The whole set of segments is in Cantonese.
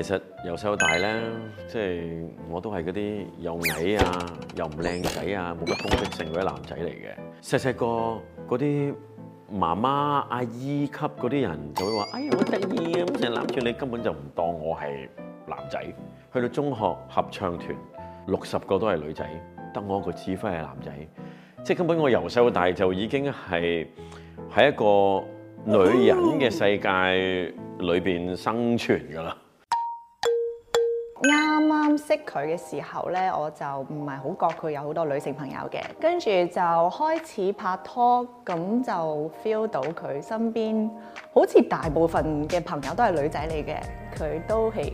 其實由細到大咧，即係我都係嗰啲又矮啊，又唔靚仔啊，冇乜攻擊性嗰啲男仔嚟嘅。細細個嗰啲媽媽阿姨級嗰啲人就會話：哎呀好得意啊！咁成日攬住你，根本就唔當我係男仔。去到中學合唱團，六十個都係女仔，得我一個指揮係男仔。即係根本我由細到大就已經係喺一個女人嘅世界裏邊生存㗎啦。Oh. 啱啱識佢嘅時候呢，我就唔係好覺佢有好多女性朋友嘅，跟住就開始拍拖，咁就 feel 到佢身邊好似大部分嘅朋友都係女仔嚟嘅，佢都係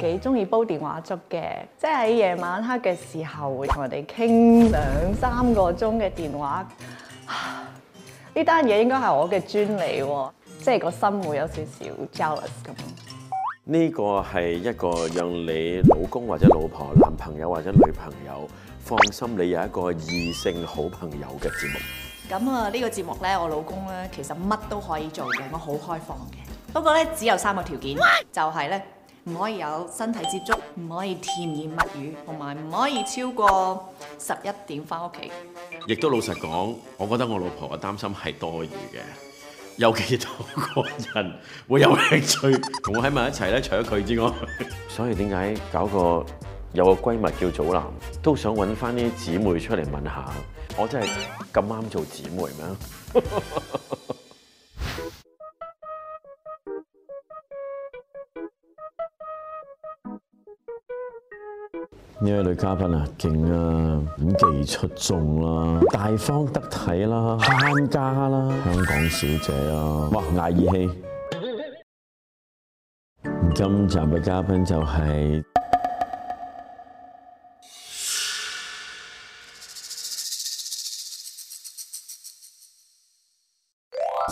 幾中意煲電話粥嘅，即係夜晚黑嘅時候會同人哋傾兩三個鐘嘅電話，呢單嘢應該係我嘅專利喎，啊，即係個心會有少少 jealous 咁。呢個係一個讓你老公或者老婆、男朋友或者女朋友放心，你有一個異性好朋友嘅節目。咁啊，呢個節目呢，我老公呢，其實乜都可以做嘅，我好開放嘅。不過呢，只有三個條件，就係呢，唔可以有身體接觸，唔可以甜言蜜語，同埋唔可以超過十一點返屋企。亦都老實講，我覺得我老婆嘅擔心係多餘嘅。有幾多個人會有興趣同我喺埋一齊咧，除咗佢之外， 所以點解搞個有個閨密叫祖藍，都想搵返啲姊妹出嚟問下，我真係咁啱做姊妹咩？ 呢位女嘉賓啊，勁啦，演技出眾啦，大方得體啦，慳家啦，香港小姐啊，哇，義氣！今集嘅嘉賓就係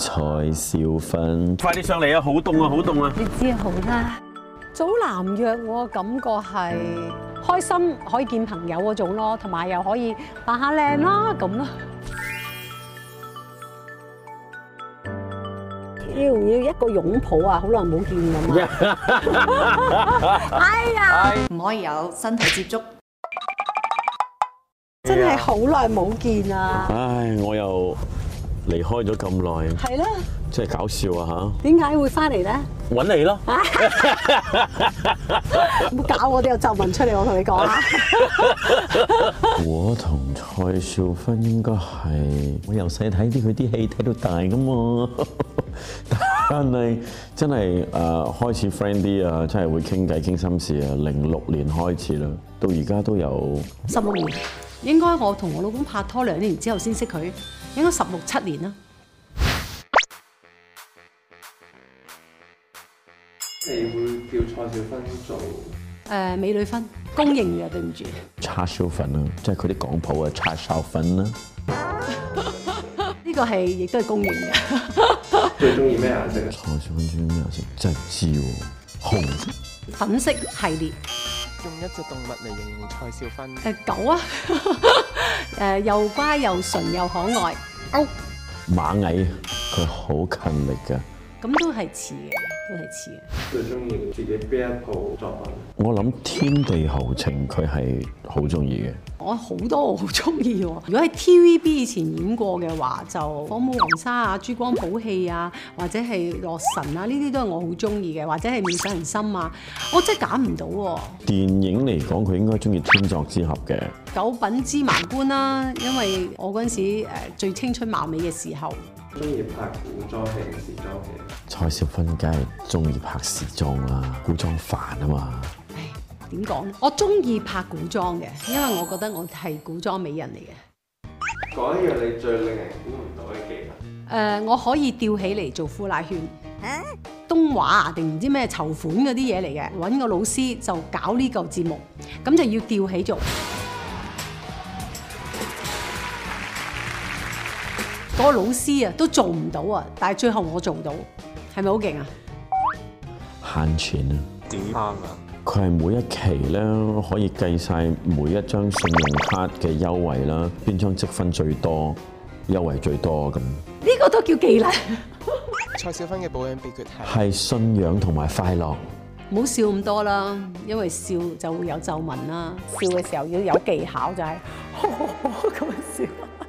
蔡少芬，快啲上嚟啊！好凍啊，好凍啊！你知好啦，祖藍約我嘅感覺係。開心可以見朋友嗰種咯，同埋又可以扮下靚啦咁咯。要唔要一個擁抱啊？好耐冇見啊！哎呀，唔可以有身體接觸。真係好耐冇見啊！唉，我又離開咗咁耐，係咯，真係搞笑啊嚇！點解會翻嚟咧？揾你咯！唔 好 搞我，我都有皺紋出嚟，我同你講啊。 我同蔡少芬應該係我由細睇啲佢啲戲睇到大㗎嘛， 但係真係誒、呃、開始 friend 啲啊，真係會傾偈傾心事啊。零六年開始啦，到而家都有十六年。應該我同我老公拍拖兩年之後先識佢，應該十六七年啦。你會叫蔡少芬做誒、呃、美女芬，公認嘅，對唔住叉燒粉啊，即係佢啲廣普嘅叉燒粉啦、啊。呢 個係亦都係公認嘅。 最中意咩顏色？蔡少芬最中意咩顏色？真係知，紅粉色系列。用一隻動物嚟形容蔡少芬？誒、 呃、狗啊，誒、 呃、又乖又純又可愛。螞蟻，佢好勤力噶。咁都係似嘅。都係似嘅。最中意自己邊一部作品？我諗《天地豪情》佢係好中意嘅。我好多好中意喎。如果係 TVB 以前演過嘅話，就《火舞黃沙》啊，《珠光寶氣》啊，或者係《洛神》啊，呢啲都係我好中意嘅。或者係《妙手仁心》啊，我真係揀唔到。電影嚟講，佢應該中意《天作之合》嘅《九品芝麻官》啦，因為我嗰陣時誒最青春貌美嘅時候。中意拍古裝戲定時裝戲？蔡少芬梗係中意拍時裝啦、啊，古裝煩啊嘛。唉，點講？我中意拍古裝嘅，因為我覺得我係古裝美人嚟嘅。講一樣你最令人估唔到嘅技能？誒、呃，我可以吊起嚟做呼拉圈。啊？東華啊？定唔知咩籌款嗰啲嘢嚟嘅？揾個老師就搞呢嚿節目，咁就要吊起做。嗰個老師啊，都做唔到啊，但係最後我做到，係咪好勁啊？慳錢啊？點慳啊？佢係每一期咧，可以計晒每一張信用卡嘅優惠啦，邊張積分最多，優惠最多咁。呢個都叫技能。 蔡少芬嘅保養秘訣係？係 信仰同埋快樂。唔好笑咁多啦，因為笑就會有皺紋啦。笑嘅時候要有技巧，就係、是、咁樣笑。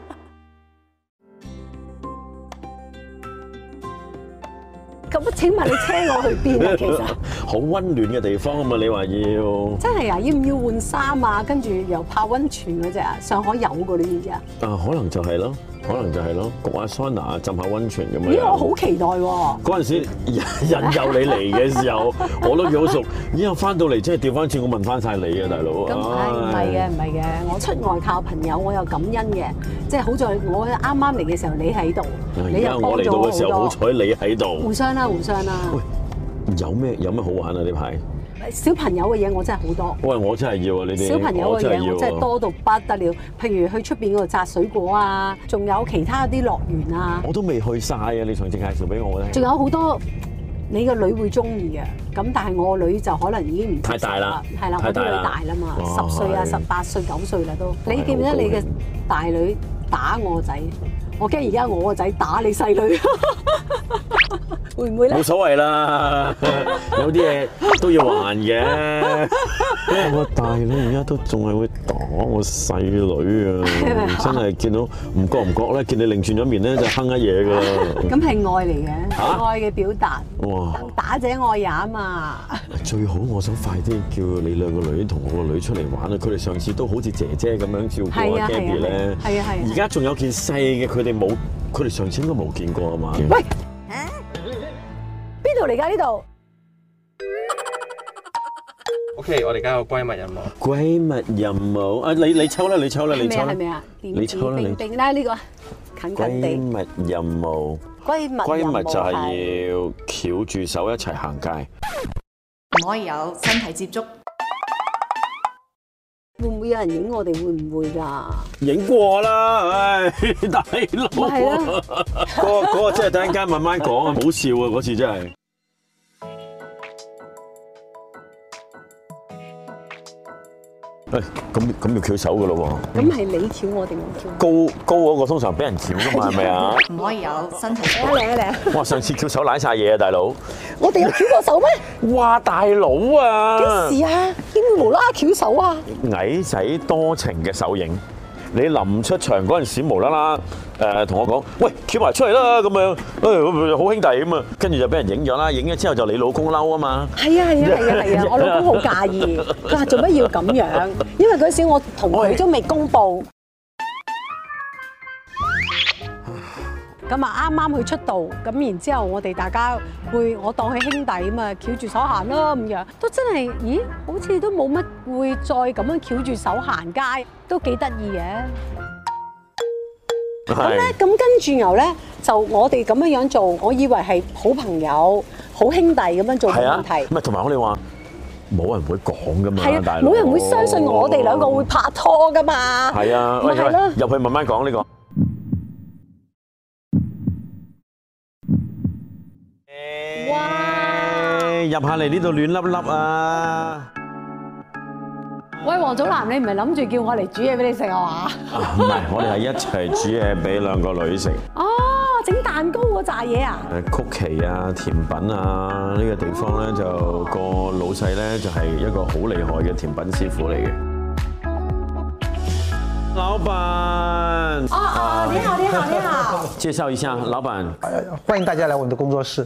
咁請問你車我去邊啊？其實好溫 暖嘅地方啊嘛，你話要真係啊，要唔要換衫啊？跟住又泡溫泉嗰隻啊，上海有噶呢啲啊？啊，可能就係咯。可能就係咯，焗下桑拿、浸下温泉咁樣。咦、欸！我好期待喎、啊。嗰陣時引誘你嚟嘅時候， 我都幾好熟。咦！我翻到嚟即係調翻轉，我問翻晒你啊，大佬。咁唔係嘅，唔係嘅，我出外靠朋友，我有感恩嘅。即係好在我啱啱嚟嘅時候，你喺度，而家我嚟到嘅時候，好彩你喺度、啊。互相啦、啊，互相啦。有咩有咩好玩啊？呢排？小朋友嘅嘢我真係好多。喂，我真係要啊，呢啲小朋友嘅嘢我真係多到不得了，譬如去出邊嗰度摘水果啊，仲有其他啲樂園啊，我都未去晒啊！你上次介紹俾我啦，仲有好多你個女會中意嘅，咁但係我個女就可能已經唔太大啦，係啦，我啲女大啦嘛，十歲啊、十八哇歲、九歲啦都，的你記唔記得的你嘅大女打我個仔？我驚而家我個仔打你細女。 會唔會咧？冇所謂啦，有啲嘢都要還嘅。因為我大女而家都仲係會打我細女啊，真係見到唔覺唔覺咧，見你擰轉咗面咧就哼一嘢噶。咁係愛嚟嘅，愛嘅表達。哇！打者愛也啊嘛。最好我想快啲叫你兩個女同我個女出嚟玩啊！佢哋上次都好似姐姐咁樣照顧我 baby 咧。係啊係。而家仲有件細嘅，佢哋冇，佢哋上次應該冇見過啊嘛？喂！我哋而家呢度，OK，我哋而家有閨蜜任務。閨蜜任務啊，你你抽啦，你抽啦，你抽啦，你抽啦，你定定啦呢個。閨蜜任務。閨蜜。閨蜜就係要翹住手一齊行街，唔可以有身體接觸。會唔會有人影我哋？會唔會㗎？影過啦，唉，大佬，嗰個嗰個真係等陣間慢慢講啊，唔好笑啊，嗰次真係。誒，咁咁要翹手噶咯喎，咁係你翹我定我翹？高高嗰個通常俾人翹噶嘛，係咪啊？唔吧可以有身體，身材靚靚靚。哇，上次翹手瀨晒嘢啊，大佬！ 我哋有翹過手咩？哇， 大佬啊！幾時啊？點無啦翹手啊？矮仔多情嘅手影。你臨出場嗰陣時無啦啦誒同我講，喂，企埋出嚟啦咁樣，誒、哎、好兄弟咁啊，跟住就俾人影咗啦，影咗之後就你老公嬲啊嘛，係啊係啊係啊係啊，啊啊啊啊 我老公好介意，佢話做乜要咁樣？因為嗰陣時我同佢都未公布。咁啊啱啱去出道，咁然之後我哋大家會我當佢兄弟嘛，翹住手行咯咁樣，都真係，咦？好似都冇乜會再咁樣翹住手行街，都幾得意嘅。咁咧，咁跟住由咧，就我哋咁樣樣做，我以為係好朋友、好兄弟咁樣做嘅問題。唔係，同埋我哋話冇人會講㗎嘛，大佬，冇人會相信我哋兩個會拍拖㗎嘛。係啊，入去慢慢講呢個。入下嚟呢度暖粒粒啊！喂，王祖藍，你唔係諗住叫我嚟煮嘢俾你食 啊嘛？唔係，我哋係一齊煮嘢俾兩個女食。哦，整蛋糕嗰扎嘢啊？誒，曲奇啊，甜品啊，呢個地方咧就個老細咧就係一個好厲害嘅甜品師傅嚟嘅。老闆。哦哦，你好，你好，你好。 介紹一下，老闆。歡迎大家嚟我哋嘅工作室。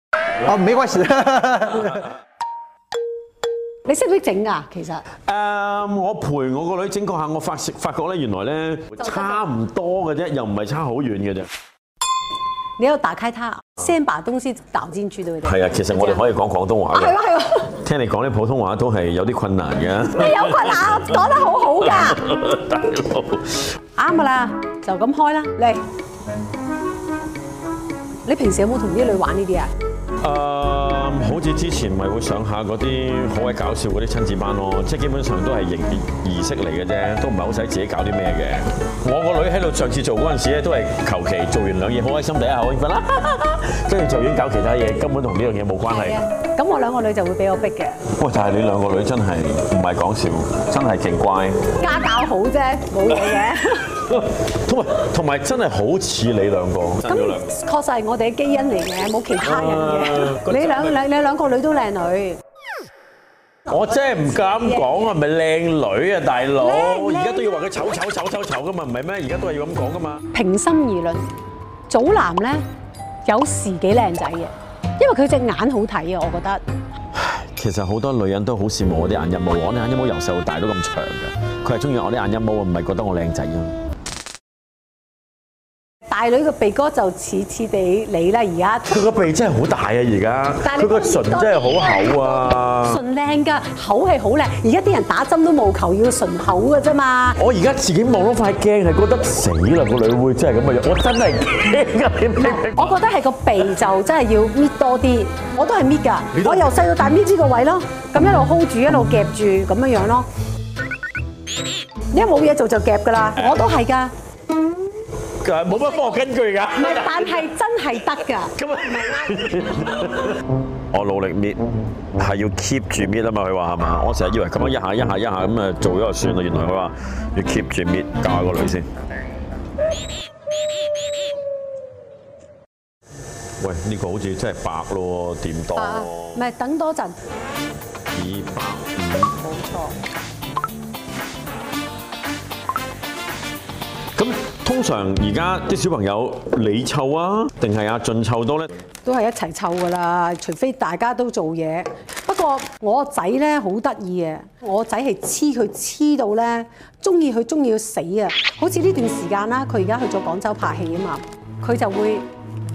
哦，沒關係啦。你識唔識整啊？其實誒，um, 我陪我個女整過下，我發發覺咧，原來咧差唔多嘅啫，又唔係差好遠嘅啫。你要打開它，先把東西倒進去度。係啊，其實我哋可以講廣東話。係啊係啊。啊啊聽你講啲普通話都係有啲困難嘅。 你有困難？講得好 好噶了。大佬。啱噶啦，就咁開啦。嚟，嘿你平時有冇同啲女玩呢啲啊？啊，uh, 好似之前咪會上下嗰啲好鬼搞笑嗰啲親子班咯，即係基本上都係儀儀式嚟嘅啫，都唔係好使自己搞啲咩嘅。我個女喺度上次做嗰陣時咧，都係求其做完兩嘢，好開心，第一下興奮啦，跟住 做完搞其他嘢，根本同呢樣嘢冇關係。 咁我兩個女就會俾我逼嘅。哇！但係你兩個女真係唔係講笑，真係勁乖。家教好啫，冇嘢嘅。同埋同埋真係好似你兩個。咁確實係我哋嘅基因嚟嘅，冇其他人嘅。你兩你你兩個女都靚女。我真係唔敢講係咪靚女啊，大佬！而家都要話佢醜醜醜醜醜噶嘛，唔係咩？而家都係要咁講噶嘛。平心而論，祖藍咧有時幾靚仔嘅。因為佢隻眼好睇啊，我覺得。唉，其實好多女人都好羨慕我啲眼睫毛，我啲眼睫毛由細到大都咁長嘅。佢係中意我啲眼睫毛，唔係覺得我靚仔咯。大女個鼻哥就似似地你啦，而家佢個鼻真係好大啊！而家但佢個唇真係好厚啊！唇靚噶，口係好靚。而家啲人打針都冇求要唇厚嘅啫嘛。我而家自己望到塊鏡係覺得死啦！個女會真係咁嘅樣，我真係驚啊！ 我覺得係個鼻就真係要搣多啲，我都係搣噶。都我由細到大搣呢個位咯，咁一路 hold 住，一路夾住咁樣樣咯。你 一冇嘢做就夾噶啦， 我都係噶。冇乜科學根據㗎，唔係是，嗎但係真係得㗎。咁啊，我努力搣，係要 keep 住搣啊嘛。佢話係嘛， 我成日以為咁樣一下一下一下咁啊做咗就算啦。原來佢話要 keep 住搣，搞下個女先。 喂，呢、呢個好似真係白咯，點多？唔係、uh，等多陣。二百五，冇錯。通常而家啲小朋友你湊啊，定係阿晉湊多咧？都係一齊湊噶啦，除非大家都做嘢。不過我個仔咧好得意嘅，我個仔係黐佢黐到咧，中意佢中意到死啊！好似呢段時間啦，佢而家去咗廣州拍戲啊嘛，佢就會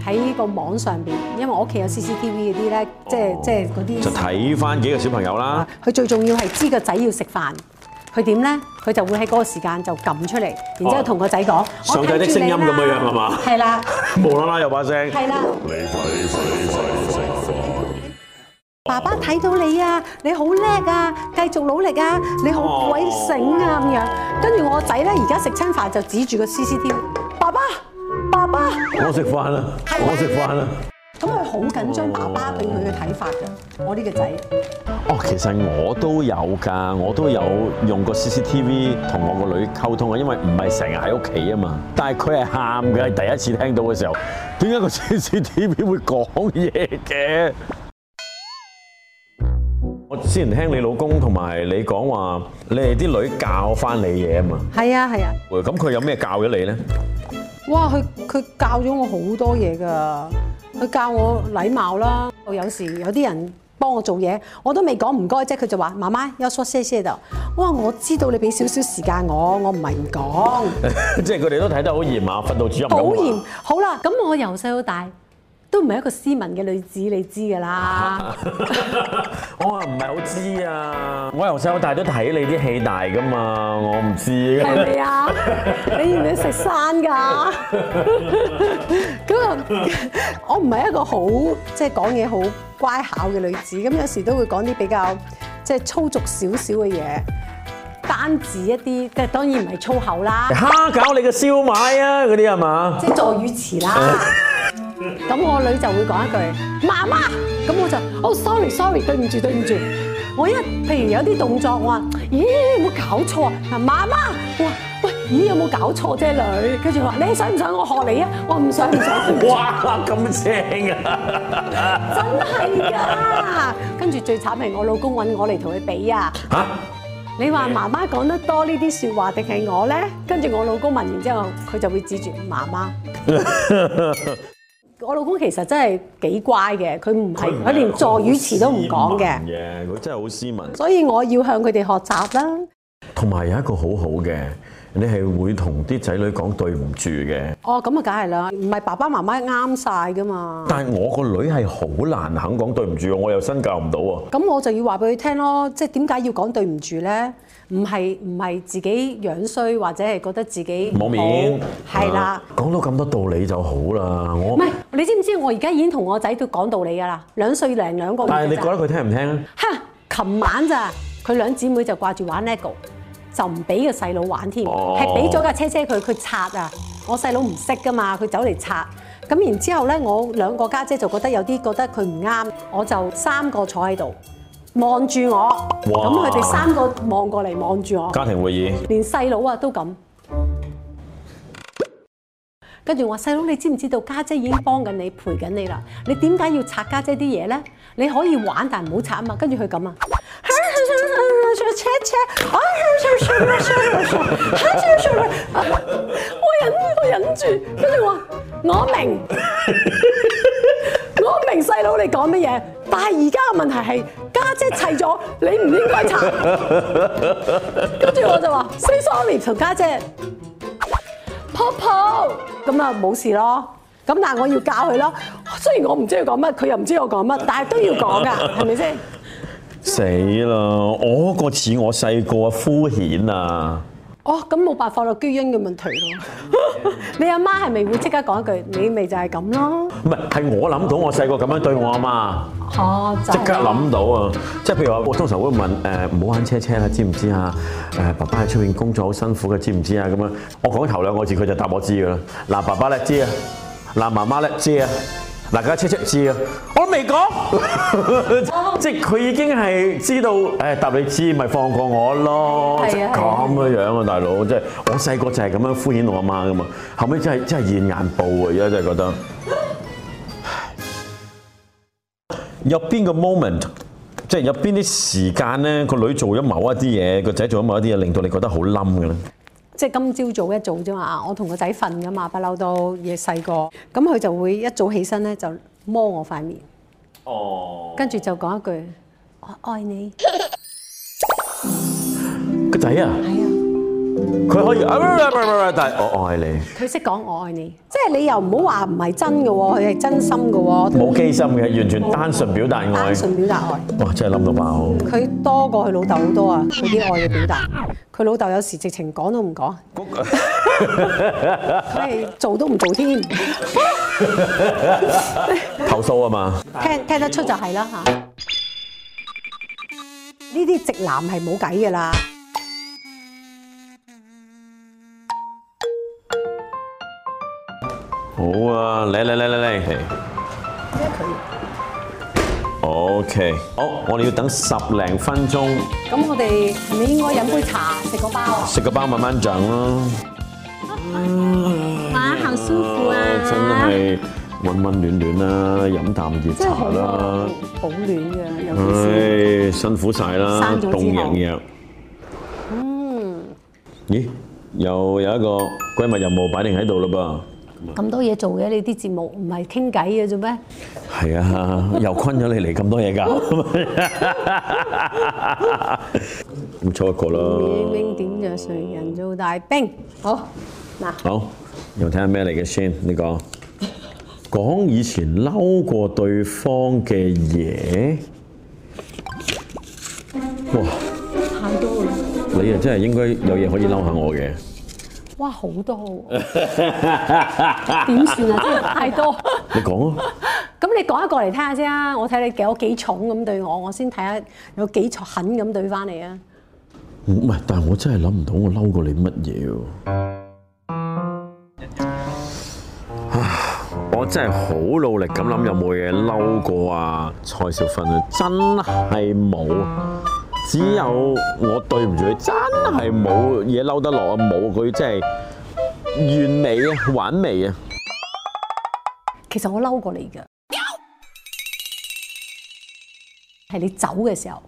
喺個網上邊，因為我屋企有 CCTV 嗰啲咧，哦、即係即係嗰啲就睇翻幾個小朋友啦。佢最重要係知個仔要食飯，佢點咧？佢就會喺嗰個時間就撳出嚟，然之後同個仔講上帝的聲音咁樣樣係嘛？係啦， 無啦啦有把聲。係啦，爸爸睇到你啊，你好叻啊，繼續努力啊，你好鬼醒啊咁樣。哦、跟住我仔咧，而家食親飯就指住個 C C 添：「爸爸，爸爸，我食飯啦，吧我食飯啦。咁佢好緊張爸爸對佢嘅睇法㗎，哦、我呢個仔。哦，其實我都有㗎，我都有用個 CCTV 同我個女溝通啊，因為唔係成日喺屋企啊嘛。但係佢係喊嘅，第一次聽到嘅時候，點解個 CCTV 會講嘢嘅？我之前聽你老公同埋你講話，你哋啲女教翻你嘢啊嘛。係啊，係啊。咁佢、欸、有咩教咗你咧？哇！佢佢教咗我好多嘢噶，佢教我禮貌啦。 有時有啲人幫我做嘢，我都未講唔該啫，佢就話：媽媽，有疏聲聲就。我話我知道你俾少少時間我，我唔係唔講。 即係佢哋都睇得好嚴啊，訓導主任。好嚴，好啦，咁我由細到大。都唔係一個斯文嘅女子，你知㗎啦？ 我話唔係好知啊！我由細到大都睇你啲戲大㗎嘛，我唔知。係咪啊？你係咪食山㗎？咁 啊、那個，我唔係一個好即係講嘢好乖巧嘅女子，咁有時都會講啲比較即係、就是、粗俗少少嘅嘢，單字一啲，即係當然唔係粗口啦。蝦餃你嘅燒賣啊，嗰啲係嘛？即係助語詞啦。 咁、嗯、我女就會講一句媽媽，咁、嗯、我就哦 sorry sorry 對唔住對唔住，我一譬如有啲動作，我話咦有冇搞錯啊，媽媽，我喂咦有冇搞錯啫女，跟住話你想唔想我學你啊，我唔想唔想，想哇咁正啊，真係噶，跟住最慘係我老公揾我嚟同佢比啊，吓、啊，你話媽媽講得多呢啲說話定係我咧，跟住我老公問完之後佢就會指住媽媽。 我老公其實真係幾乖嘅，佢唔係佢連助語詞都唔講嘅。嘅佢真係好斯文。所以我要向佢哋學習啦。同埋有，有一個好好嘅，你係會同啲仔女講對唔住嘅。哦，咁啊，梗係啦，唔係爸爸媽媽啱晒噶嘛。但係我個女係好難肯講對唔住，我又身教唔到喎。咁我就要話俾佢聽咯，即係點解要講對唔住咧？唔係唔係自己樣衰，或者係覺得自己冇面，係啦是的、啊。講到咁多道理就好啦。我唔係你知唔知？我而家已經同我仔都講道理㗎啦。兩歲零兩個月，但係你覺得佢聽唔聽咧？嚇！ 琴晚咋佢兩姊妹就掛住玩 LEGO，就唔俾個細佬玩添，係俾咗架車車佢，佢拆啊！我細佬唔識㗎嘛，佢走嚟拆。咁然之後咧，我兩個家姐就覺得有啲覺得佢唔啱，我就三個坐喺度。望住我，咁佢哋三個望過嚟望住我。家庭會議，連細佬啊都咁。跟住我細佬，你知唔知道家姐已經幫緊你陪緊你啦？你點解要拆家姐啲嘢咧？你可以玩，但唔好拆啊嘛。跟住佢咁啊，車車啊，我忍我忍住，跟住話我明。 我明細佬你講乜嘢，但係而家嘅問題係家姐砌咗，你唔應該拆。跟住 我就話，Say sorry 同家姐，泡泡，咁啊冇事咯。咁但係我要教佢咯。雖然我唔知佢講乜，佢又唔知我講乜，但係都要講㗎，係咪先？死啦！我個似我細個啊，敷衍啊。哦，咁冇辦法咯，因基因嘅問題喎。 你阿媽係咪會即刻講一句？你咪就係咁咯。唔係，係我諗到我細個咁樣對我阿媽。哦，即刻諗到啊！即係譬如話，我通常會問誒，唔、呃、好玩車車啦，知唔知啊？誒、呃，爸爸喺出邊工作好辛苦嘅，知唔知啊？咁樣，我講頭兩個字，佢就答我知㗎啦。嗱、啊，爸爸叻知啊，嗱，媽媽叻知啊。嗱，大家車車知啊，我未講， 即係佢已經係知道，誒、哎、答你知咪放過我咯，咁嘅、啊、樣啊，啊大佬哥，即係、啊啊、我細個就係咁樣敷衍我阿媽噶嘛，後尾真係真係現眼報啊，而家真係覺得，有邊 個 moment，即係有邊啲時間咧，個女做咗某一啲嘢，個仔做咗某一啲嘢，令到你覺得好冧嘅咧？即係今朝早，早一早啫、啊、嘛，我同個仔瞓㗎嘛，不嬲到夜細個，咁佢就會一早起身咧，就摸我塊面，哦，跟住就講一句我愛你。個 仔啊！佢可以，但係我愛你。佢識講我愛你，即係你又唔好話唔係真噶，佢係真心噶。冇機心嘅，完全單純表達愛。單純表達愛。哇，真係諗到爆。佢多過佢老豆好多啊，佢啲愛嘅表達。佢老豆有時直情講都唔講，佢係做都唔做添。投訴啊嘛，聽聽得出就係啦吓。呢啲直男係冇計噶啦。好啊，嚟嚟嚟嚟嚟，OK，好，我哋要等十零分鐘。咁我哋係咪應該飲杯茶，食個包啊？食個包慢慢整咯，啊，行舒服啊，真係溫溫暖暖啦，飲啖熱茶啦，保暖嘅，尤其是，唉，辛苦曬啦，凍人藥。嗯，咦，又有一個閨密任務擺定喺度嘞噃。咁多嘢做嘅你啲節目唔係傾偈嘅啫咩？係啊，又昆咗你嚟咁多嘢㗎，咁 錯一個咯。綺兵點著誰人做大兵？好嗱，好，來又睇下咩嚟嘅先，你講講以前嬲過對方嘅嘢。哇，太多啦！你啊真係應該有嘢可以嬲下我嘅。哇，好多喎！點算啊？ 算真係太多。 你講啊！咁 你講一過嚟聽下先啊，我睇你有幾重咁對我，我先睇下有幾重狠咁對翻你，你啊！唔係，但係我真係諗唔到我嬲過你乜嘢喎！我真係好努力咁諗，有冇嘢嬲過啊？蔡少芬啊，真係冇。只有我對唔住佢，真係冇嘢嬲得落啊！冇佢真係完美啊，完美啊！其實我嬲過你㗎，係你走嘅時候，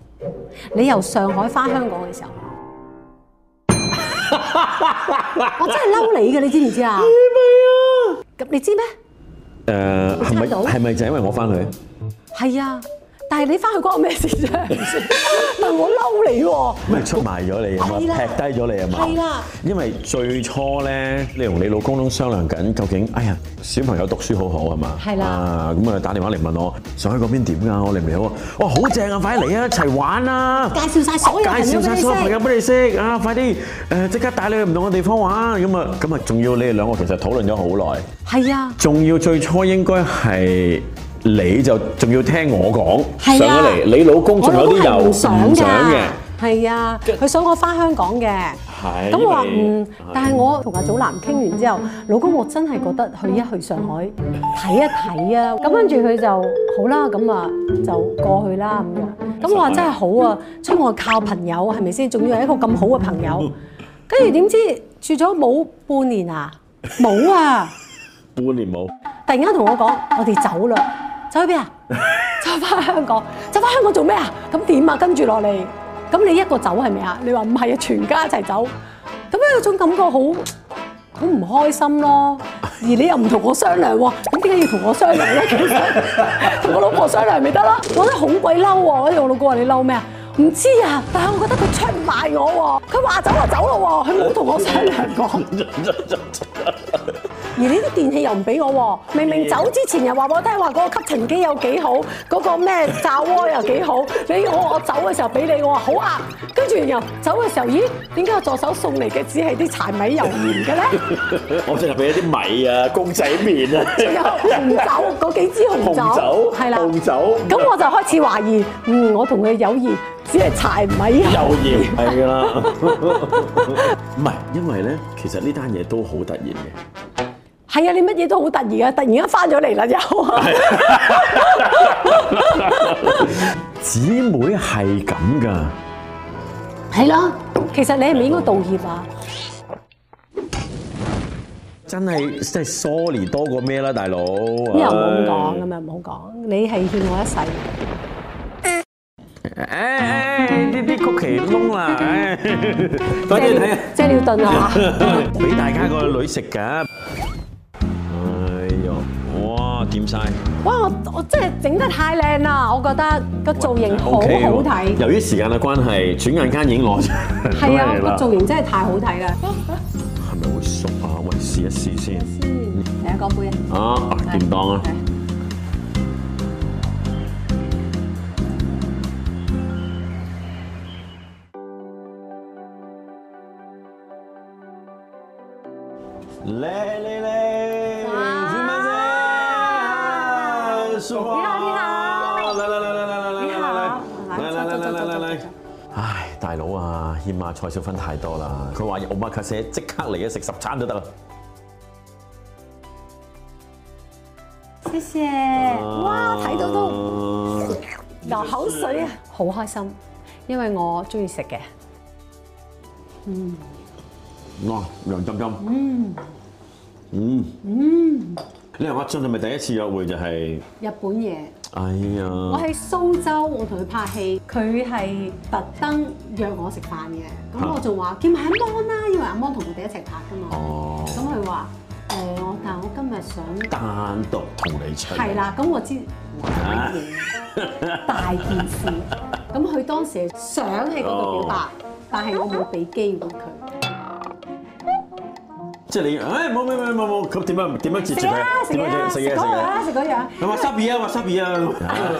你由上海翻香港嘅時候，我真係嬲你㗎，你知唔知啊 係咪啊？咁你知咩？誒，uh，係咪係咪就係因為我翻去？係啊。但係你翻去關 我咩事啫？唔係我嬲你喎，咩出賣咗你對啊嘛？劈低咗你啊嘛？係啊！因為最初咧，你同你老公都商量緊，究竟哎呀小朋友讀書好好係嘛？係啦是的、嗯，咁、嗯、啊打電話嚟問我，想去嗰邊點㗎？我嚟唔嚟喎？哇好正啊！快嚟啊！一齊玩啊！介紹晒所，所有朋友俾你識啊！快啲誒、呃、即刻帶你去唔同嘅地方玩咁啊！咁啊！仲、嗯嗯、要你哋、嗯、兩個其實討論咗好耐，係對啊，仲要最初應該係。 1你就仲要聽我講上咗嚟，你老公仲有啲又唔想嘅，係啊，佢想我翻香港嘅。係，咁我話嗯，但係我同阿祖藍傾完之後，老公我真係覺得去一去上海睇一睇啊，咁跟住佢就好啦，咁啊就過去啦咁樣。咁我話真係好啊，出外靠朋友係咪先？仲要有一個咁好嘅朋友，跟住點知住咗冇半年啊，冇啊，半年冇，突然間同我講我哋走啦。走去邊啊？走翻香港？走翻香港做咩啊？咁點啊？跟住落嚟，咁你一個走係咪啊？你話唔係啊？全家一齊走，咁樣有種感覺好，好唔開心咯。而你又唔同我商量，咁點解要同我商量咧？其實同 我老婆商量咪得咯？我真係好鬼嬲喎！跟我老公話你嬲咩啊？唔知啊，但係我覺得佢出賣我喎。佢話走就走咯喎，佢冇同我商量過。 而呢啲電器又唔俾我喎，明明走之前又話我聽話嗰個吸塵機有幾好，嗰個咩炸鍋又幾好，你我我走嘅時候俾你。我話好啊，跟住又走嘅時候，咦？點解助手送嚟嘅只係啲柴米油鹽嘅咧？ 我淨係俾一啲米啊，公仔麪啊，仲有紅酒嗰幾支紅酒，係啦，紅酒。咁我就開始懷疑，嗯，我同佢友誼只係柴米油鹽係啦。唔 係， 因為咧，其實呢單嘢都好突然嘅。係啊，你乜嘢都好突然啊，突然間翻咗嚟啦又。又啊、 姐妹係咁噶，係啦。其實你係咪應該道歉啊？ 真係即係 sorry 多過咩啦、啊，大佬。呢又唔好咁講，咁又唔好講。你係欠我一世。誒呢啲曲奇㶶啦。多謝你，即係你要頓啊。俾大家個女食噶。掂晒！哇！我我真係整得太靚啦，我覺得個造型喂好好睇、okay，呃。由於時間嘅關係，轉眼間影落係 啊！ 個造型真係太好睇啦！係咪會熟啊？我試一試先，先，第一乾杯啊！啊，點當是啊！嚟嚟嚟！嚟嚟嚟嚟！唉，大佬啊，欠阿蔡少芬太多啦。佢話：我媽卡蛇即刻嚟啊，食十餐都得。謝謝。哇，睇到都流口水啊，好開心，因為我中意食嘅。嗯。哇，涼浸浸。嗯。嗯。嗯。你同阿晉係咪第一次約會就係日本嘢？哎呀！我喺蘇州，我同佢拍戲，佢係特登約我食飯嘅。咁我仲話：叫埋、啊、阿芒啦、啊，因為阿芒同佢哋一齊拍㗎嘛。咁佢話：誒、嗯呃嗯，我但係我今日想單獨同你出。係啦，咁我知。 大件事，咁佢當時想喺嗰度表白，哦、但係我冇俾機會佢。即係你，哎，冇冇冇冇，咁點樣點樣接住佢？食嘢食嘢食嘢食嘢食嘢食嘢，咁話撒嬌啊，話撒嬌啊！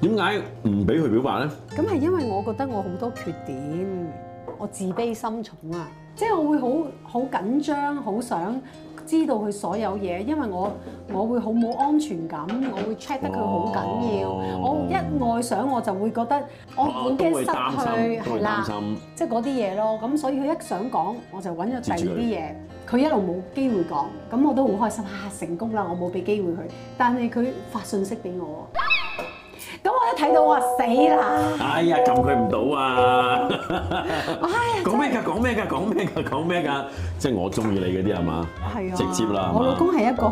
點解唔俾佢表白咧？咁係因為我覺得我好多缺點，我自卑心重啊！即係我會好好緊張，好想知道佢所有嘢，因為我我會好冇安全感，我會 check 得佢好緊要。哇我一愛上我就會覺得我好驚失去，係啦，即係嗰啲嘢咯。咁所以佢一想講，我就揾咗第二啲嘢。佢一路冇機會講，咁我都好開心啊！成功啦，我冇俾機會佢，但係佢發信息俾我。咁我一睇到我話死啦！哎呀，撳佢唔到啊！講咩㗎？講咩㗎？講咩㗎？講咩㗎？即係我中意你嗰啲係嘛？係啊！直接啦！我老公係一個好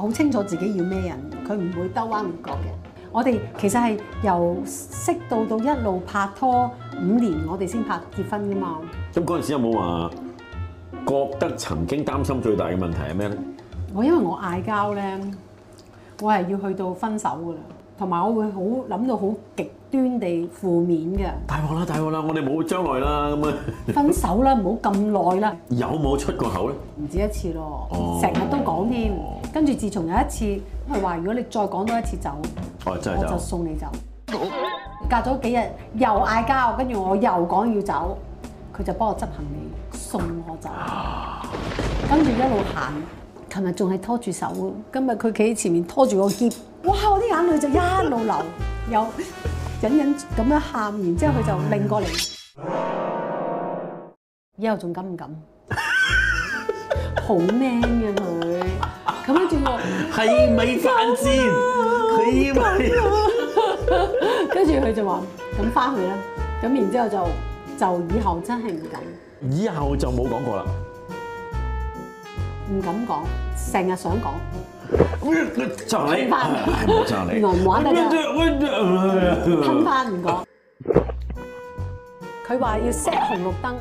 好、嗯、清楚自己要咩人，佢唔會兜彎唔覺嘅。嗯、我哋其實係由識到到一路拍拖五年，我哋先拍結婚㗎嘛。咁嗰陣時有冇話覺得曾經擔心最大嘅問題係咩咧？嗯、我因為我嗌交咧，我係要去到分手㗎啦。同埋我會好諗到好極端地負面嘅。大鑊啦，大鑊啦，我哋冇將來啦咁啊！分手啦，唔好咁耐啦。有冇出過口咧？唔止一次咯，成日都講添。跟住自從有一次佢話，如果你再講多一次走，我就送你走。隔咗幾日又嗌交，跟住我又講要走，佢就幫我執行李送我走。跟住一路行，琴日仲係拖住手，今日佢企喺前面拖住個喼。哇！我啲眼淚就一路流，又隱隱咁樣喊，然之後佢就擰過嚟，以後仲敢唔敢？好 man 嘅佢，咁樣接我係咪犯賤？佢跟住佢就話：咁翻去啦，咁然之後就就以後真係唔敢，以後就冇講過啦，唔敢講，成日想講。我就嚟，我就嚟， 玩唔玩得啊？翻唔講，佢話 要 set 紅綠燈，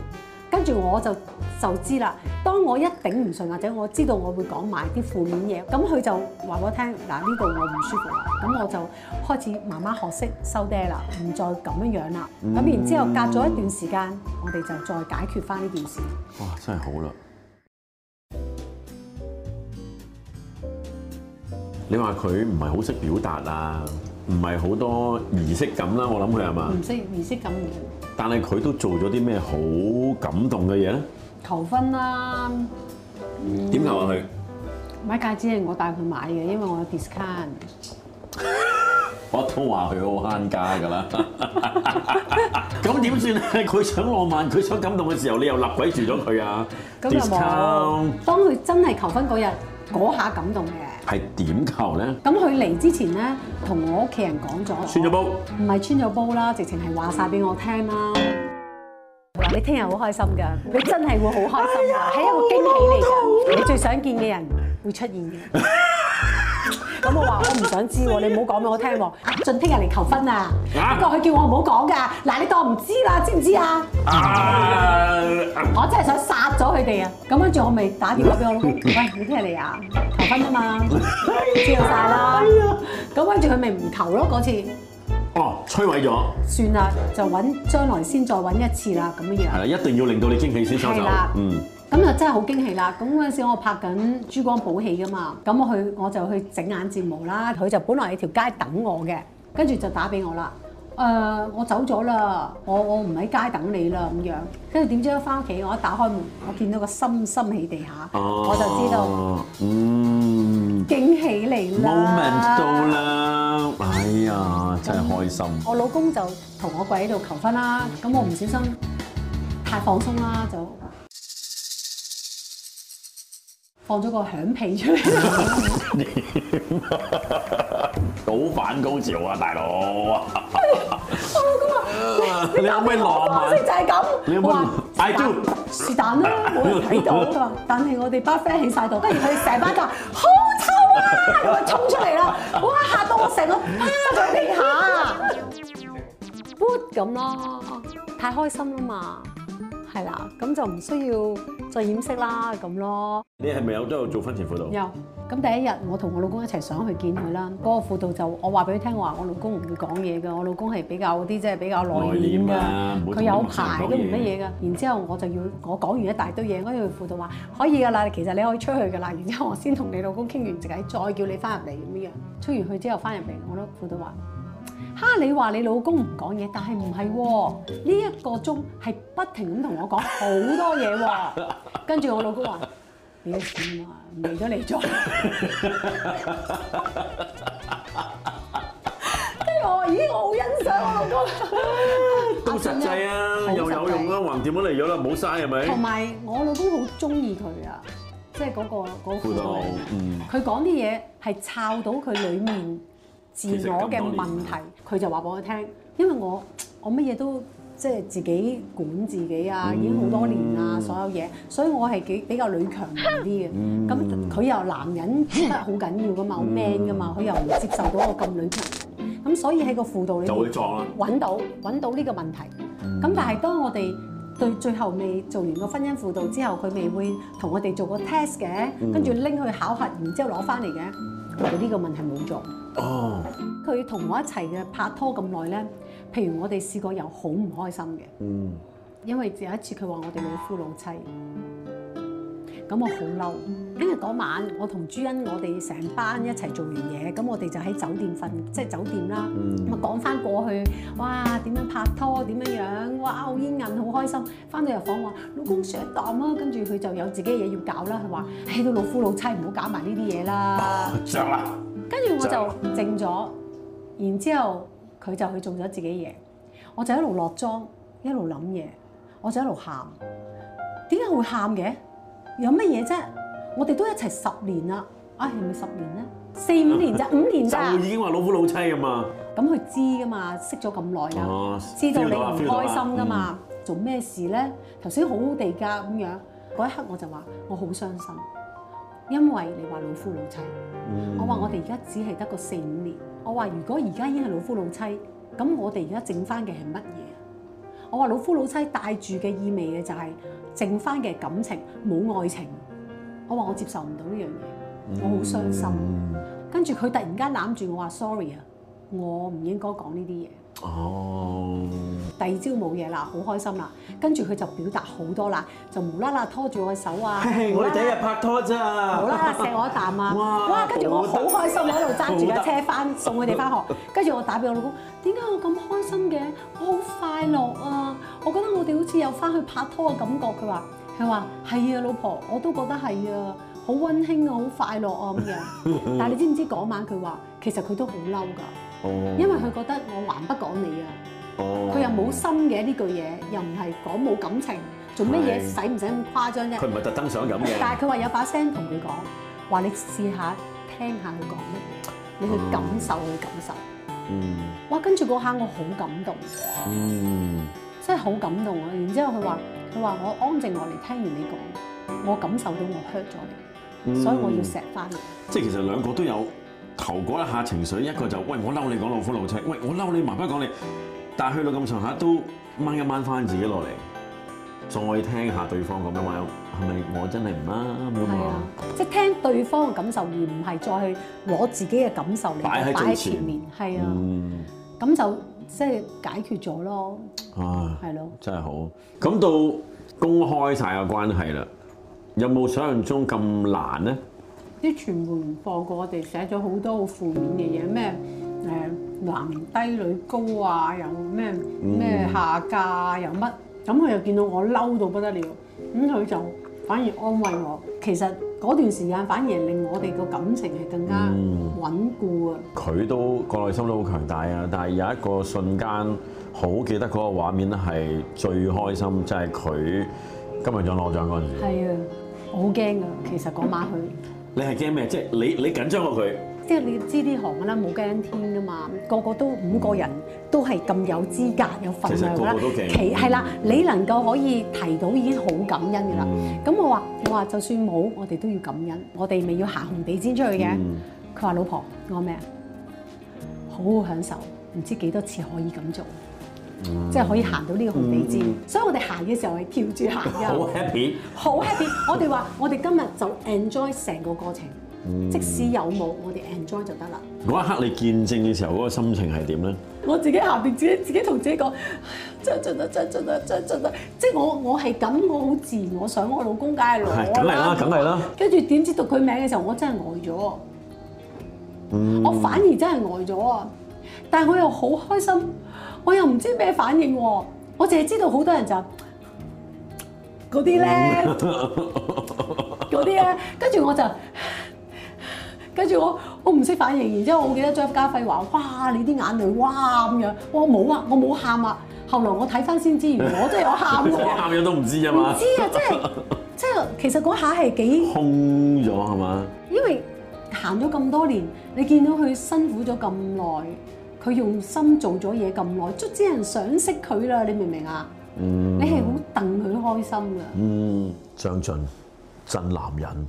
跟住我就就知啦。當我一頂唔順或者我知道我會講埋啲負面嘢，咁佢就話我聽，嗱，呢度我唔舒服啦，咁我就開始慢慢學識收爹啦，唔再咁樣樣啦。咁然之後，後隔咗一段時間，我哋就再解決翻呢件事，嗯。哇，真係好啦！你話佢唔係好識表達啊，唔係好多儀式感啦，我諗佢係嘛？唔識儀式感。但係佢都做咗啲咩好感動嘅嘢咧？求婚啦、啊！點、嗯、求婚佢？買戒指係我帶佢買嘅，因為我有 discount。 我都話佢好慳家㗎啦。咁點算咧？佢 想浪漫，佢想感動嘅時候，你又立鬼住咗佢啊，咁又冇？當佢真係求婚嗰日，嗰下感動嘅。係點求咧？咁佢嚟之前咧，同我屋企人講咗穿咗煲，唔係穿咗煲啦，直情係話晒俾我聽啦。嗱、嗯，你聽日好開心㗎，你真係會好開心㗎，係、哎、呦一個驚喜嚟㗎。啊、你最想見嘅人會出現嘅。 咁我話我唔想知喎，你唔好講俾我聽喎。阿晉聽日嚟求婚啊，不過佢叫我唔好講㗎，嗱、啊、你當唔知啦，知唔知啊？我真係想殺咗佢哋啊！咁跟住我咪打電話俾我咯。 喂，你聽日嚟啊？求婚啊嘛，知道晒啦、啊。咁跟住佢咪唔求咯嗰次。哦、啊，摧毀咗。算啦，就揾將來先再揾一次啦，咁樣樣。係啦，一定要令到你精氣神充足。的嗯。咁就真係好驚喜啦！咁嗰陣時我拍緊珠光寶氣㗎嘛，咁我去我就去整眼睫毛啦，佢就本來喺條街等我嘅，跟住就打俾我啦。誒、呃，我走咗啦，我我唔喺街等你啦咁樣。跟住點知返屋企我一打開門，我見到個心心喺地下，啊、我就知道，嗯，驚喜嚟啦！Moment 到啦，哎呀，真係開心！我老公就同我跪喺度求婚啦，咁我唔小心太放鬆啦就。放咗個響屁出嚟，點，倒反高潮啊，大佬啊！我老公話，你你有咩攞啊？能能我先就係咁，冇話，I do，是但啦，冇人睇到。佢但係我哋班 friend 起晒度，跟住佢哋成班就，好臭啊！佢話衝出嚟啦，哇！嚇到我成個趴咗地下，噗咁咯，太開心啦嘛！係啦，咁就唔需要再掩飾啦，咁咯。你係咪有都有做婚前輔導？有，咁第一日我同我老公一齊上去見佢啦。我、嗰個、輔導就我話俾佢聽，我話我，我老公唔會講嘢噶，我老公係比較啲即係比較內斂噶，佢、啊、有排都唔乜嘢噶。然之後我就要我講完一大堆嘢，我啲輔導話可以噶啦，其實你可以出去噶啦。然之後我先同你老公傾完偈，再叫你翻入嚟咁樣樣。出完去之後翻入嚟，我都輔導話。哈！你話你老公唔講嘢，但係唔係？呢一個鐘係不停咁同我講好多嘢喎。跟住我老公話，你嘅錢嘛嚟咗嚟咗。即係我話，咦！我好欣賞我老公。都實際啊，又有用啦，橫掂都嚟咗啦，唔好嘥，係咪？同埋我老公好中意佢啊，即係嗰個嗰副。嗯。佢講啲嘢係摷到佢裡面。自我嘅問題，佢就話俾我聽，因為我我乜嘢都即係自己管自己啊，已經好多年啊，所有嘢，所以我係幾比較女強人啲嘅。咁佢 又男人，真係好緊要噶嘛，好 man 噶嘛，佢又唔接受到我咁女強。咁所以喺個輔導裏邊揾到揾到呢個問題。咁但係當我哋對最後未做完個婚姻輔導之後，佢未會同我哋做個 test 嘅，跟住拎去考核，然之後攞翻嚟嘅，我哋呢個問題冇咗。哦，佢同、oh. 我一齊嘅拍拖咁耐咧，譬如我哋試過有好唔開心嘅，嗯，mm. 因為有一次佢話我哋老夫老妻，咁我好嬲，mm. 因為嗰晚我同朱茵我哋成班一齊做完嘢，咁我哋就喺酒店瞓，即酒店啦，咁講翻過去，哇點樣拍拖點樣樣，哇好煙韌好開心，翻到入房我話老公上一檔啊，跟住佢就有自己嘢要搞啦，話唉都老夫老妻唔好搞埋呢啲嘢啦，着啦。跟住我就靜咗，然之後佢就去做咗自己嘢，我就一路落妝，一路諗嘢，我就一路喊。點解會喊嘅？有乜嘢啫？我哋都一齊十年啦，啊、哎，係咪十年咧？四五年咋？啊、五年咋？就已經話老夫老妻噶嘛。咁佢知噶嘛？識咗咁耐啦，知道你唔開心噶嘛？嗯、做咩事咧？頭先好好地㗎咁樣，嗰一刻我就話我好傷心。因為你話老夫老妻，嗯、我話我哋而家只係得個四五年。我話如果而家已經係老夫老妻，咁我哋而家剩翻嘅係乜嘢？我話老夫老妻帶住嘅意味嘅就係剩翻嘅感情冇愛情。我話我接受唔到呢樣嘢，嗯、我好傷心。跟住佢突然間攬住我話：sorry 啊，我唔應該講呢啲嘢。哦。第二朝冇嘢啦，好開心啦，跟住佢就表達好多啦，就無啦啦拖住我手啊，我哋第一日拍拖咋，無啦啦錫我一啖啊，哇！跟住我好哇開心，我喺度揸住架車翻送佢哋翻學，跟住、嗯、我打俾我老公，點解我咁開心嘅？我好快樂啊！我覺得我哋好似有翻去拍拖嘅感覺。佢話：佢話係啊，老婆，我都覺得係啊，好温馨啊，好快樂啊咁樣。但係你知唔知嗰晚佢話，其實佢都好嬲㗎，因為佢覺得我還不講你啊。哦，佢又冇心嘅呢句嘢，又唔係講冇感情，做乜嘢使唔使咁誇張啫？佢唔係特登想咁嘅。但係佢話有把聲同佢講，話你試下聽下佢講咩，你去感受去感受。嗯。哇！跟住嗰刻我好感動。嗯。真係好感動啊！然之後佢話：佢話我安靜落嚟，聽完你講，我感受到我 hurt 咗你，所以我要錫翻你。即係其實兩個都有投嗰一下情緒，一個就喂，我嬲你講老夫老妻，喂，我嬲你慢慢講你。但去到咁上下都掹一掹翻自己落嚟，再聽下對方咁樣話，係咪我真係唔啱咁啊？即係聽對方嘅感受，而唔係再去攞自己嘅感受嚟擺喺最前面。係啊，咁就即係解決咗咯。啊，係咯，真係好。咁到公開曬嘅關係啦，有冇想象中咁難咧？啲傳媒唔放過我哋，寫咗好多負面嘅嘢，咩？誒，男低女高啊，又咩咩下嫁又乜咁，佢又見到我嬲到不得了，咁佢就反而安慰我。其實嗰段時間反而令我哋個感情係更加穩固啊。佢都個內心都好強大啊，但係有一個瞬間好記得嗰個畫面咧，係最開心，就係佢今日想攞獎嗰陣時。係啊，我好驚啊！其實嗰晚佢，你係驚咩？即係你你緊張過佢？即係你知呢行嘅啦，冇驚天噶嘛，個個都五個人都係咁有資格有份量啦。其係啦，你能夠可以提到已經好感恩嘅啦。咁、嗯、我話我話，就算冇，我哋都要感恩。我哋咪要行紅地氈出去嘅。佢話、嗯：老婆，我咩啊？好好享受，唔知幾多次可以咁做，嗯、即係可以行到呢個紅地氈。嗯、所以我哋行嘅時候係跳住行嘅。好 happy，好 happy。 我哋話我哋今日就 enjoy 成個過程。即使有冇，我哋 enjoy 就得啦。嗰一刻你見證嘅時候，嗰個心情係點咧？我自己下邊自己自己同自己講，張晉啦，張晉啦，張晉啦，即係我我係咁，我好自我想，我老公梗係攞。梗係啦，梗係啦。跟住點知讀佢名嘅時候，我真係呆咗。嗯。我反而真係呆咗啊！但係我又好開心，我又唔知咩反應喎。我淨係知道好多人就嗰啲咧，嗰啲咧，跟住 我就。跟住我，我唔識反應。然之後我記得張家輝話：哇，你啲眼淚，哇，咁樣。我冇啊，我冇喊啊。後來我睇翻先知，原來我真係有喊嘅。喊咗都唔知啊嘛。唔知啊，即係即係，其實嗰下係幾。空咗係嘛？因為行咗咁多年，你見到佢辛苦咗咁耐，佢用心做咗嘢咁耐，卒之人賞識佢啦。你明唔明啊？嗯。你係好戥佢開心㗎。嗯，張晉真男人。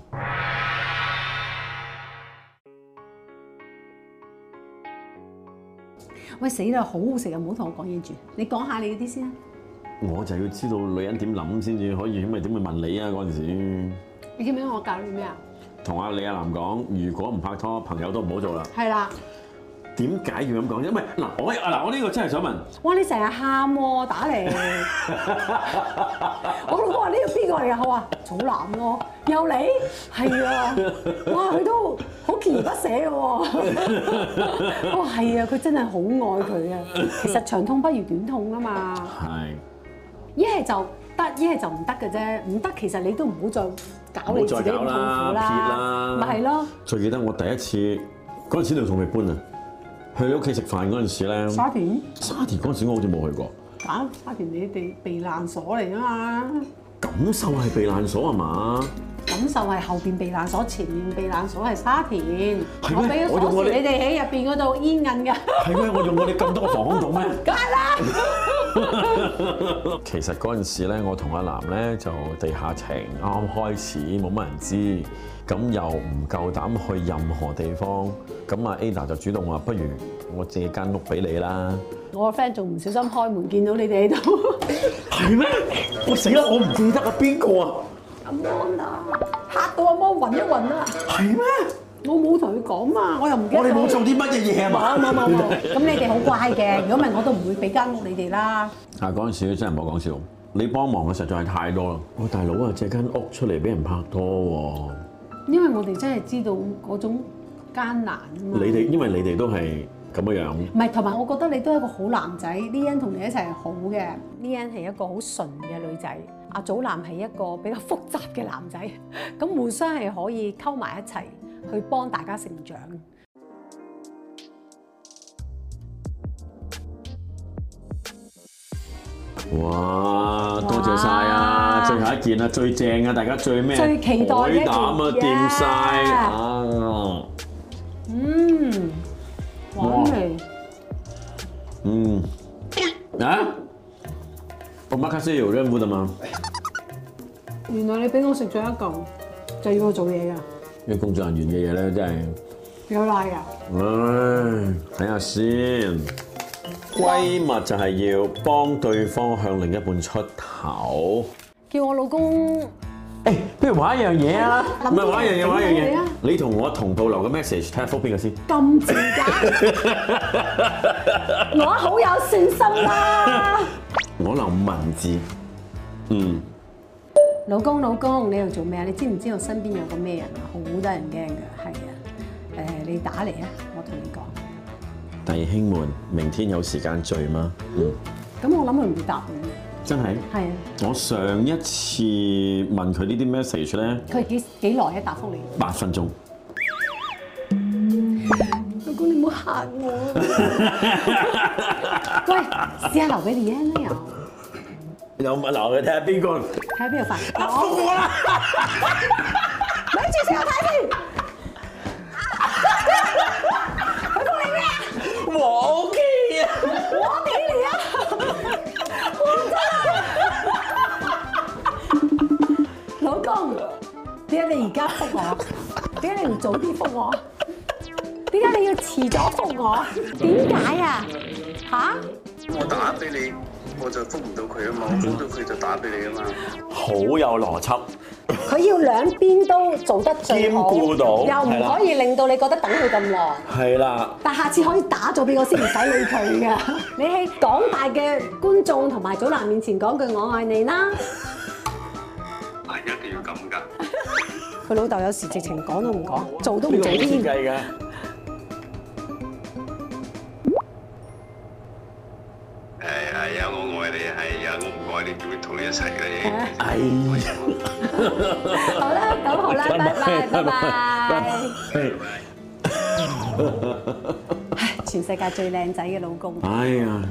喂死啦，好好食啊！唔好同我講嘢住，你講下你嗰啲先啦。我就係要知道女人點諗先至可以，咁咪點去問你啊？嗰陣時。你記唔記得我教咗你咩啊？同阿李亞男講，如果唔拍拖，朋友都唔好做啦。係啦。點解要咁講？因為嗱，我啊嗱，我呢個真係想問。哇！你成日喊喎，打嚟。我老公話：呢個邊個嚟嘅？我話：祖藍咯，又嚟。係啊，哇！佢都好依依不捨喎。哇，係啊，佢真係好愛佢啊。其實長痛不如短痛啊嘛。係。一係就得，一係就唔得嘅啫。唔得，其實你都唔好再搞你自己咁痛苦啦。咪係咯。最記得我第一次嗰陣時仲未搬啊。去你屋企食飯嗰陣時咧，沙田，沙田嗰陣時我好似冇去過。嚇，沙田你哋避難所嚟啊嘛？感受係避難所係嘛？感受係後邊避難所，前面避難所係沙田。係咩？我俾咗鎖匙你哋喺入邊嗰度煙韌㗎。係咩？我用過你咁多個防空洞咩？梗係啦。其實嗰陣時咧，我同阿男咧就地下情，啱啱開始冇乜人知。咁又唔夠膽去任何地方，咁阿 Ada 就主動話：不如我借間屋俾你啦。我個 friend 仲唔小心開門見到你哋喺度，係咩？我死啦！我唔記得啊，邊個啊？阿 Mon 啊，嚇到阿 Mon 暈一暈啦！係咩？我冇同佢講嘛，我又唔記得。我哋冇做啲乜嘢嘢啊嘛，冇冇冇，咁你哋好乖嘅，如果唔係我都唔會俾間屋你哋啦。啊，嗰陣時真係唔好講笑，你幫忙嘅實在係太多啦。我大佬啊，借間屋出嚟俾人拍拖喎。因為我哋真係知道嗰種艱難啊嘛！你哋因為你哋都係咁嘅樣。唔係，同埋我覺得你都係一個好男仔，Lien 同你一齊係好嘅。Lien 係一個好純嘅女仔，阿祖藍係一個比較複雜嘅男仔，咁互相係可以溝埋一齊去幫大家成長。哇！多謝晒啊！最後一件啊，最正啊，大家最咩？最期待嘅一件海膽啊！掂晒啊！Yeah. 啊嗯，哇，嗯啊，我 m 卡 r k 下是有任務嘅嘛？原來你俾我食咗一嚿，就要我做嘢噶。啲工作人員嘅嘢咧，真係有賴噶。唉、哎，睇下先，哇閨密就係要幫對方向另一半出頭。叫我老公，哎、欸，不如玩一樣嘢啊！唔係玩一樣嘢，玩不一樣嘢。一一你同我同步留嘅 message 睇下覆邊個先。咁賤格， 我好有信心啦、啊！我留文字，嗯。老公，老公，你又做咩啊？你知唔知我身邊有個咩人啊？好得人驚㗎，係啊。誒、呃，你打嚟啊，我同你講。弟兄們，明天有時間聚嗎？嗯。咁、嗯、我諗佢唔會答我。真係，係啊！我上一次問佢呢啲 message 咧，佢幾幾耐一答覆你？八分鐘。老公，你唔好嚇我。喂，試下留畀你吖？你有冇問下佢，睇下邊個？睇下邊個發，好啦，你住先。冇。點解你而家覆我？ 點解你唔早啲覆我？點解你要遲咗覆我？點解啊？吓？我打俾你，我就覆唔到佢啊嘛，覆到佢就打俾你啊嘛。 好有邏輯。佢要兩邊都做得兼顧到， 道又唔可以令到你覺得等佢咁耐。係啦了。但下次可以打咗俾我先，唔使理佢噶。你喺廣大嘅觀眾同埋祖藍面前講句我愛你啦。佢老豆有時直情講都唔講，做都唔做添。計㗎。誒係啊，我愛你係啊，我唔愛你，仲要同你一齊咧。係。好啦，咁好啦，拜拜，拜拜。全世界最靚仔嘅老公。哎呀，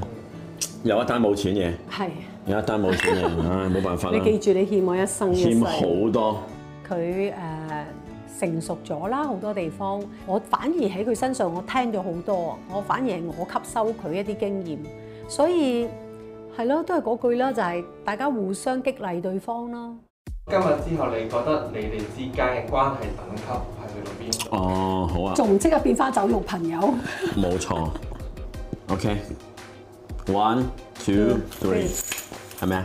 有一單冇錢嘅。係。有一單冇錢嘅，唉，冇辦法啦。你記住，你欠我一生嘅。欠好多。佢誒成熟咗啦，好多地方，我反而喺佢身上，我聽咗好多，我反而係我吸收佢一啲經驗，所以係咯，都係嗰句啦，就係大家互相激勵對方咯。今日之後，你覺得你哋之間嘅關係等級係去到邊？哦，好啊，仲唔即刻變翻酒肉朋友？冇錯。OK，one, two, three，係咪？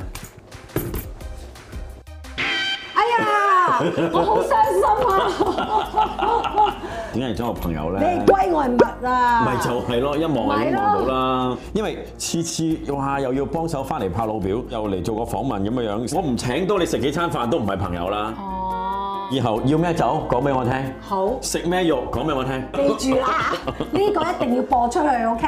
我好傷心啊！點解係做個朋友咧？你係歸外物啊！咪就係咯，一望已經望到啦。因為次次哇又要幫手翻嚟拍老表，又嚟做個訪問咁嘅樣。我唔請多你食幾餐飯都唔係朋友啦。哦、啊。以後要咩酒講俾我聽。好。食咩肉講俾我聽。記住啦，呢、這個一定要播出去，OK？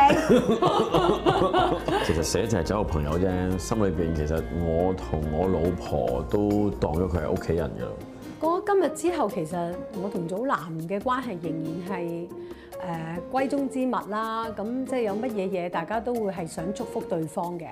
其實寫，寫就係做個朋友啫。心裏邊，其實我同我老婆都當咗佢係屋企人㗎講今日之後，其實我同祖藍嘅關係仍然係誒閨中之物啦。咁、啊、即係有乜嘢嘢，大家都會係想祝福對方嘅。